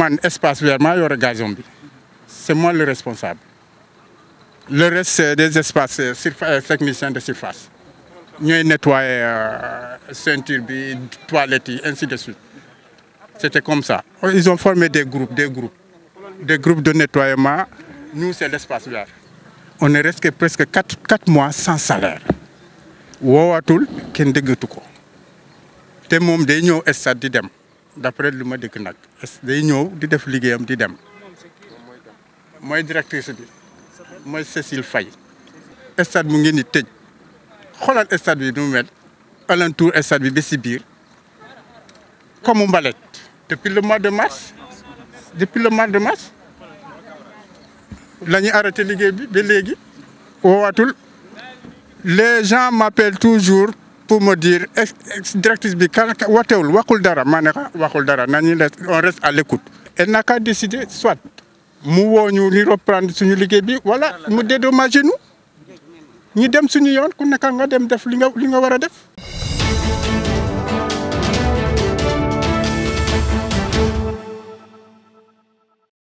man espace vert ma gazon c'est moi le responsable le reste c'est des espaces euh, euh, techniciens de surface ñoy nettoyer euh, ceinture bi toilettes ainsi de suite c'était comme ça ils ont formé des groupes des groupes des groupes de nettoyement. nous c'est l'espace vert on est resté presque 4 mois sans salaire woowaatul ken déggatu ko te day ñeu stade di dem d'après le ma de nag day di def liggéeyam di dem directrice bi Cécile Faye stade mu que alentour stade bi que Sibir. comme depuis le mois de mars depuis le mois de mars l'année arrêté bi les gens m'appellent toujours pour me dire ex directrice bi kan wootewul waxul dara ma ne waxul dara nañu ne on reste à l'écoute elle n'a qu'à décider soit mu woo ñu ni reprendre suñu liggéey bi wala mu dédommagé nu ñu dem suñu yoon ku nekk nga dem def li nga li nga war a def.